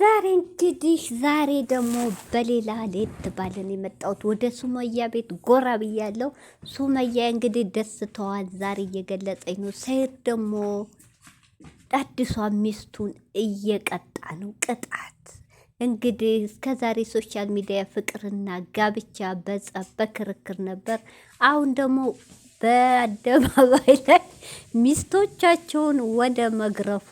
ዛሬ እንግዲህ ዛሬ ደግሞ በሌላ ሌት ባለን የመጣሁት ወደ ሱመያ ቤት ጎራ ብያለሁ። ሱመያ እንግዲህ ደስታዋን ዛሬ እየገለጸኝ ነው። ሰይድ ደግሞ አዲሷ ሚስቱን እየቀጣ ነው። ቅጣት እንግዲህ እስከ ዛሬ ሶሻል ሚዲያ ፍቅርና ጋብቻ በጸብ በክርክር ነበር። አሁን ደግሞ በአደባባይ ላይ ሚስቶቻቸውን ወደ መግረፉ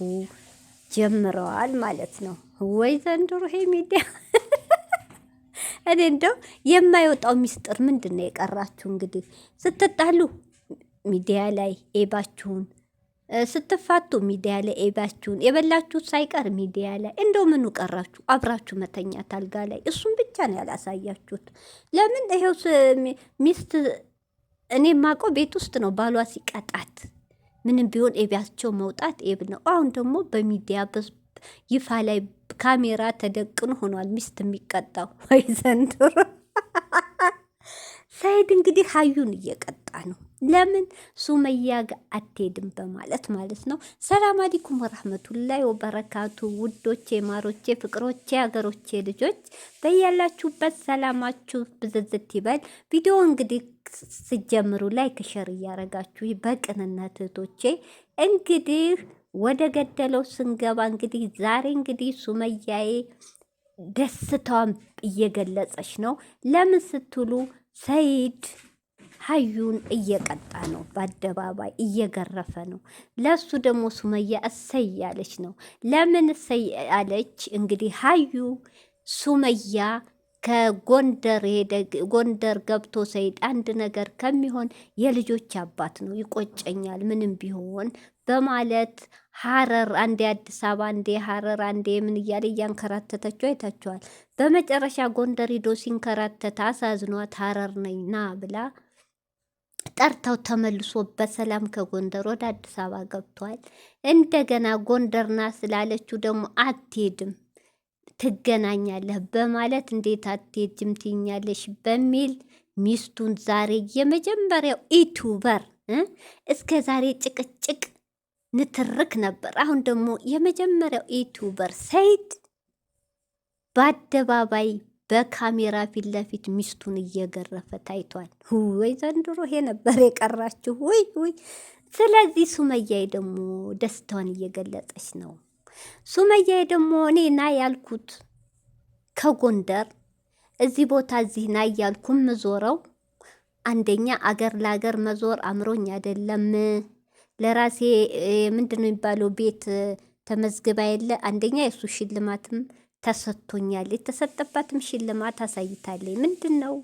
ጀምረዋል ማለት ነው። ወይ ዘንድሮ ይሄ ሚዲያ እኔ እንደው የማይወጣው ሚስጥር ምንድን ነው የቀራችሁ? እንግዲህ ስትጣሉ ሚዲያ ላይ ኤባችሁን፣ ስትፋቱ ሚዲያ ላይ ኤባችሁን፣ የበላችሁት ሳይቀር ሚዲያ ላይ እንደው ምኑ ቀራችሁ? አብራችሁ መተኛት አልጋ ላይ እሱም ብቻ ነው ያላሳያችሁት። ለምን ይሄው ሚስት እኔ ማቆ ቤት ውስጥ ነው ባሏ ሲቀጣት ምንም ቢሆን ኤቢያቸው መውጣት ኤብ ነው። አሁን ደግሞ በሚዲያ ይፋ ላይ ካሜራ ተደቅኖ ሆኗል። ሚስት የሚቀጣው ወይ ዘንድሮ ሰይድ እንግዲህ ሀዩን እየቀጣ ነው። ለምን ሱመያ ጋ አትሄድም በማለት ማለት ነው። ሰላም አለይኩም ወራህመቱላሂ ወበረካቱ። ውዶቼ፣ ማሮቼ፣ ፍቅሮቼ፣ ሀገሮቼ ልጆች በያላችሁበት ሰላማችሁ ብዝዝት ይበል። ቪዲዮ እንግዲህ ስጀምሩ ላይክ፣ ሸር እያረጋችሁ በቅንነት እህቶቼ እንግዲህ ወደ ገደለው ስንገባ እንግዲህ ዛሬ እንግዲህ ሱመያዬ ደስታዋን እየገለጸች ነው። ለምን ስትሉ ሰይድ ሀዩን እየቀጣ ነው፣ በአደባባይ እየገረፈ ነው። ለሱ ደግሞ ሱመያ እሰይ ያለች ነው። ለምን እሰይ ያለች እንግዲህ ሀዩ ሱመያ ከጎንደር ሄደ ጎንደር ገብቶ ሰይድ አንድ ነገር ከሚሆን የልጆች አባት ነው፣ ይቆጨኛል ምንም ቢሆን በማለት ሀረር አንዴ አዲስ አበባ አንዴ ሀረር አንዴ ምን እያለ እያንከራተተችው አይታችኋል። በመጨረሻ ጎንደር ሂዶ ሲንከራተት አሳዝኗት ሀረር ነኝ ና ብላ ጠርተው ተመልሶ በሰላም ከጎንደር ወደ አዲስ አበባ ገብቷል። እንደገና ጎንደርና ስላለችው ደግሞ አትሄድም ትገናኛለህ በማለት እንዴት አትሄጂም ትይኛለሽ በሚል ሚስቱን ዛሬ የመጀመሪያው ኢቱበር እስከ ዛሬ ጭቅጭቅ ንትርክ ነበር። አሁን ደግሞ የመጀመሪያው ኢቱበር ሰይድ በአደባባይ በካሜራ ፊት ለፊት ሚስቱን እየገረፈ ታይቷል። ወይ ዘንድሮ ይሄ ነበር የቀራችሁ? ወይ ወይ። ስለዚህ ሱመያይ ደግሞ ደስታዋን እየገለጸች ነው። ሱመያ ደግሞ እኔ ና ያልኩት ከጎንደር እዚህ ቦታ እዚህ ና እያልኩም ዞረው አንደኛ አገር ለአገር መዞር አምሮኝ አይደለም። ለራሴ ምንድን ነው የሚባለው ቤት ተመዝግባ የለ አንደኛ የእሱ ሽልማትም ተሰጥቶኛል። የተሰጠባትም ሽልማት አሳይታለኝ። ምንድን ነው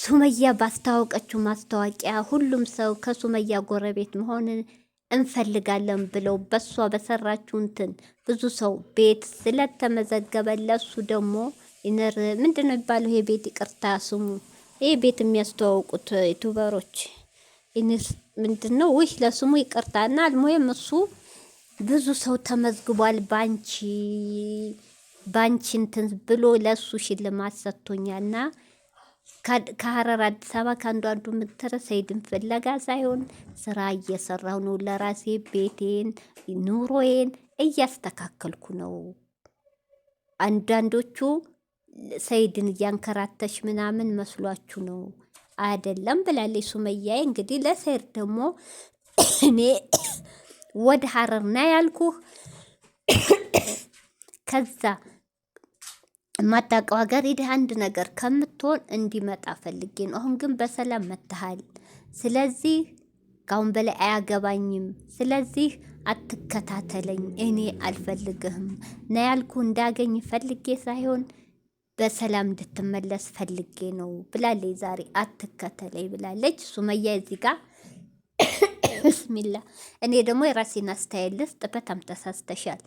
ሱመያ ባስታወቀችው ማስታወቂያ ሁሉም ሰው ከሱመያ ጎረቤት መሆን እንፈልጋለን ብለው በእሷ በሰራችው እንትን ብዙ ሰው ቤት ስለተመዘገበ ለሱ ደግሞ ይነር ምንድን ነው የሚባለው? ይሄ ቤት ይቅርታ ስሙ ይሄ ቤት የሚያስተዋውቁት ዩቱበሮች ይንር ምንድን ነው ውህ ለስሙ ይቅርታ እና አልሞየም እሱ ብዙ ሰው ተመዝግቧል ባንቺ ባንቺ እንትን ብሎ ለእሱ ሽልማት ሰጥቶኛል ሰጥቶኛልና ከሀረር አዲስ አበባ ከአንዱ አንዱ የምትረ ሰይድን ፍለጋ ሳይሆን ስራ እየሰራሁ ነው። ለራሴ ቤቴን፣ ኑሮዬን እያስተካከልኩ ነው። አንዳንዶቹ ሰይድን እያንከራተሽ ምናምን መስሏችሁ ነው አይደለም ብላለች ሱመያዬ። እንግዲህ ለሰይድ ደግሞ እኔ ወደ ሀረር ና ያልኩህ ከዛ የማታውቀው ሀገር ሂደህ አንድ ነገር ከምትሆን እንዲመጣ ፈልጌ ነው። አሁን ግን በሰላም መተሃል። ስለዚህ ከአሁን በላይ አያገባኝም። ስለዚህ አትከታተለኝ፣ እኔ አልፈልግህም። ና ያልኩ እንዳገኝ ፈልጌ ሳይሆን በሰላም እንድትመለስ ፈልጌ ነው ብላለች። ዛሬ አትከተለኝ ብላለች ሱመያ። እዚህ ጋር ብስሚላ። እኔ ደግሞ የራሴን አስተያየት ልስጥ። በጣም ተሳስተሻል።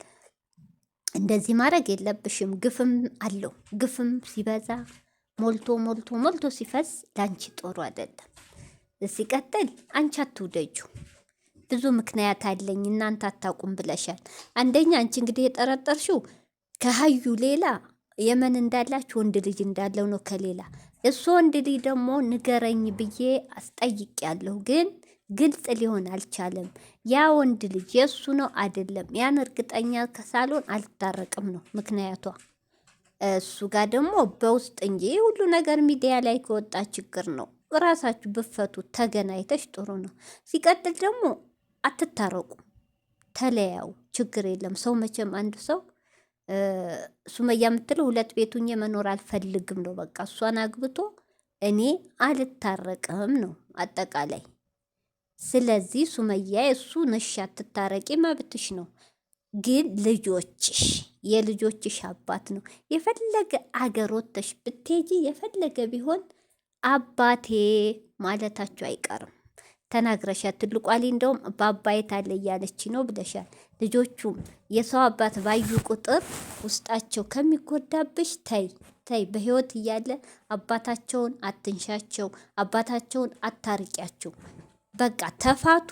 እንደዚህ ማድረግ የለብሽም። ግፍም አለው። ግፍም ሲበዛ ሞልቶ ሞልቶ ሞልቶ ሲፈስ ለአንቺ ጦሩ አይደለም። ሲቀጥል አንቺ አትውደጁ። ብዙ ምክንያት አለኝ እናንተ አታውቁም ብለሻል። አንደኛ አንቺ እንግዲህ የጠረጠርሽው ከሀዩ ሌላ የመን እንዳላችሁ ወንድ ልጅ እንዳለው ነው። ከሌላ እሱ ወንድ ልጅ ደግሞ ንገረኝ ብዬ አስጠይቅ ያለሁ ግን ግልጽ ሊሆን አልቻለም። ያ ወንድ ልጅ የእሱ ነው አይደለም፣ ያን እርግጠኛ ከሳልሆን አልታረቅም ነው ምክንያቷ። እሱ ጋር ደግሞ በውስጥ እንጂ ሁሉ ነገር ሚዲያ ላይ ከወጣ ችግር ነው። ራሳችሁ ብፈቱ ተገናይተች ጥሩ ነው። ሲቀጥል ደግሞ አትታረቁ፣ ተለያዩ፣ ችግር የለም። ሰው መቼም አንድ ሰው ሱመያ የምትለው ሁለት ቤቱኝ መኖር አልፈልግም ነው። በቃ እሷን አግብቶ እኔ አልታረቅም ነው አጠቃላይ ስለዚህ ሱመያ እሱ ነሽ አትታረቂ መብትሽ ነው። ግን ልጆችሽ የልጆችሽ አባት ነው። የፈለገ አገሮተሽ ብትሄጂ የፈለገ ቢሆን አባቴ ማለታቸው አይቀርም። ተናግረሻል። ትልቋ እንደውም በአባይ አለ እያለች ነው ብለሻል። ልጆቹም የሰው አባት ባዩ ቁጥር ውስጣቸው ከሚጎዳብሽ ተይ ተይ፣ በህይወት እያለ አባታቸውን አትንሻቸው፣ አባታቸውን አታርቂያቸው። በቃ ተፋቱ።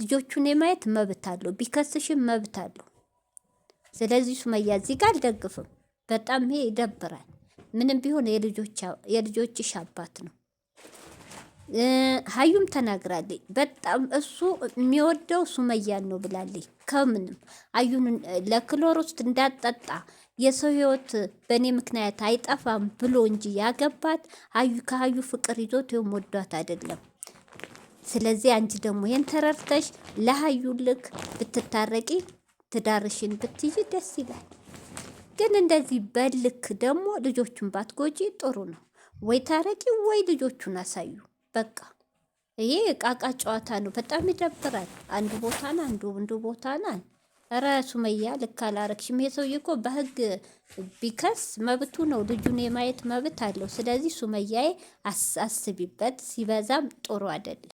ልጆቹን የማየት መብት አለው፣ ቢከስሽም መብት አለው። ስለዚህ ሱመያ እዚህ ጋር አልደግፍም። በጣም ይሄ ይደብራል። ምንም ቢሆን የልጆችሽ አባት ነው። ሀዩም ተናግራለች። በጣም እሱ የሚወደው ሱመያን ነው ብላለች። ከምንም አዩን ለክሎሮስት እንዳጠጣ የሰው ህይወት በእኔ ምክንያት አይጠፋም ብሎ እንጂ ያገባት አዩ ከሀዩ ፍቅር ይዞት ወዷት አይደለም። ስለዚህ አንቺ ደግሞ ይሄን ተረድተሽ ለሀዩ ልክ ብትታረቂ ትዳርሽን ብትይ ደስ ይላል። ግን እንደዚህ በልክ ደግሞ ልጆቹን ባትጎጂ ጥሩ ነው። ወይ ታረቂ ወይ ልጆቹን አሳዩ። በቃ ይሄ እቃቃ ጨዋታ ነው። በጣም ይደብራል። አንዱ ቦታን አንዱ አንዱ ቦታን ኧረ ሱመያ ልክ አላረግሽም። ይሄ ሰውዬ እኮ በህግ ቢከስ መብቱ ነው። ልጁን የማየት መብት አለው። ስለዚህ ሱመያዬ አስቢበት። ሲበዛም ጥሩ አይደለም።